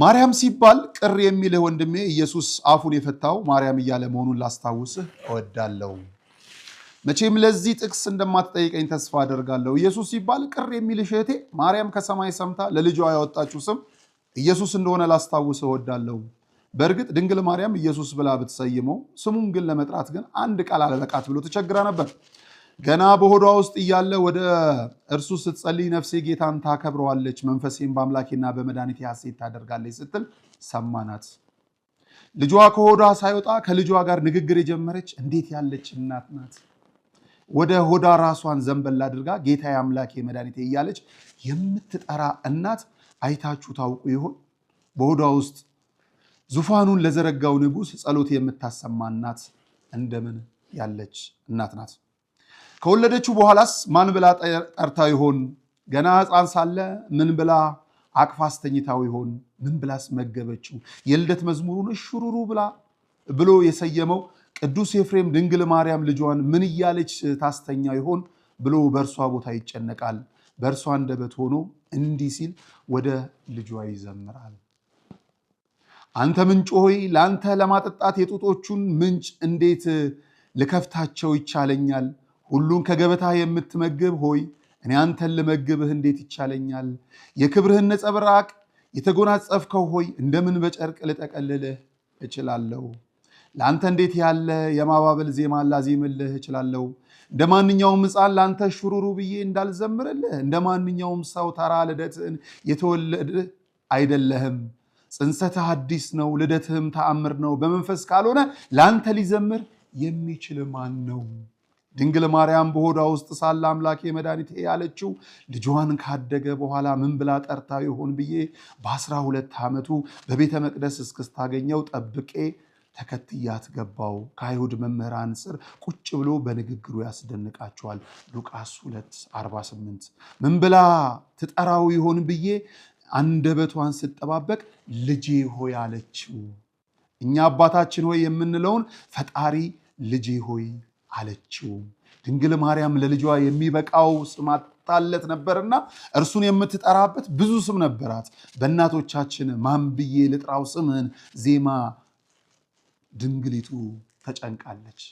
ማርያም ሲባል ቅር የሚልህ ወንድሜ ኢየሱስ አፉን የፈታው ማርያም እያለ መሆኑን ላስታውስህ እወዳለሁ። መቼም ለዚህ ጥቅስ እንደማትጠይቀኝ ተስፋ አደርጋለሁ። ኢየሱስ ሲባል ቅር የሚልሽ እህቴ ማርያም ከሰማይ ሰምታ ለልጇ ያወጣችው ስም ኢየሱስ እንደሆነ ላስታውስህ እወዳለሁ። በእርግጥ ድንግል ማርያም ኢየሱስ ብላ ብትሰይመው ስሙን ግን ለመጥራት ግን አንድ ቃል አለበቃት ብሎ ተቸግራ ነበር። ገና በሆዷ ውስጥ እያለ ወደ እርሱ ስትጸልይ ነፍሴ ጌታን ታከብረዋለች፣ መንፈሴም በአምላኬና በመድኃኒቴ ሐሴት ታደርጋለች ስትል ሰማናት። ልጇ ከሆዷ ሳይወጣ ከልጇ ጋር ንግግር የጀመረች እንዴት ያለች እናት ናት! ወደ ሆዷ ራሷን ዘንበል አድርጋ ጌታ አምላኬ መድኃኒቴ እያለች የምትጠራ እናት አይታችሁ ታውቁ ይሆን? በሆዷ ውስጥ ዙፋኑን ለዘረጋው ንጉሥ ጸሎት የምታሰማ እናት እንደምን ያለች እናት ናት! ከወለደችው በኋላስ ማን ብላ ጠርታ ይሆን? ገና ሕፃን ሳለ ምን ብላ አቅፋ አስተኝታው ይሆን? ምን ብላስ መገበችው? የልደት መዝሙሩን እሽሩሩ ብላ ብሎ የሰየመው ቅዱስ ኤፍሬም ድንግል ማርያም ልጇን ምን እያለች ታስተኛ ይሆን ብሎ በእርሷ ቦታ ይጨነቃል። በእርሷ አንደበት ሆኖ እንዲህ ሲል ወደ ልጇ ይዘምራል። አንተ ምንጭ ሆይ ለአንተ ለማጠጣት የጡጦቹን ምንጭ እንዴት ልከፍታቸው ይቻለኛል? ሁሉን ከገበታ የምትመግብ ሆይ እኔ አንተን ልመግብህ እንዴት ይቻለኛል? የክብርህን ነጸብራቅ የተጎናጸፍከው ሆይ እንደምን በጨርቅ ልጠቀልልህ እችላለሁ? ለአንተ እንዴት ያለ የማባበል ዜማ ላዜምልህ እችላለሁ? እንደ ማንኛውም ሕፃን ለአንተ ሹሩሩ ብዬ እንዳልዘምርልህ፣ እንደ ማንኛውም ሰው ተራ ልደትህን የተወለድህ አይደለህም። ጽንሰትህ አዲስ ነው፣ ልደትህም ተአምር ነው። በመንፈስ ካልሆነ ለአንተ ሊዘምር የሚችል ማን ነው? ድንግል ማርያም በሆዷ ውስጥ ሳለ አምላኬ መድኃኒቴ ያለችው ልጇን ካደገ በኋላ ምን ብላ ጠርታ ይሆን ብዬ በአስራ ሁለት ዓመቱ በቤተ መቅደስ እስክስታገኘው ጠብቄ ተከትያት ገባው። ከአይሁድ መምህራን ስር ቁጭ ብሎ በንግግሩ ያስደንቃቸዋል። ሉቃስ 2:48 ምን ብላ ትጠራው ይሆን ብዬ አንደበቷን ስጠባበቅ ልጄ ሆይ አለችው። እኛ አባታችን ሆይ የምንለውን ፈጣሪ ልጄ ሆይ አለችው ድንግል ማርያም ለልጇ የሚበቃው ስም አጣለት ነበርና እርሱን የምትጠራበት ብዙ ስም ነበራት። በእናቶቻችን ማን ብዬ ልጥራው ስምን ዜማ ድንግሊቱ ተጨንቃለች።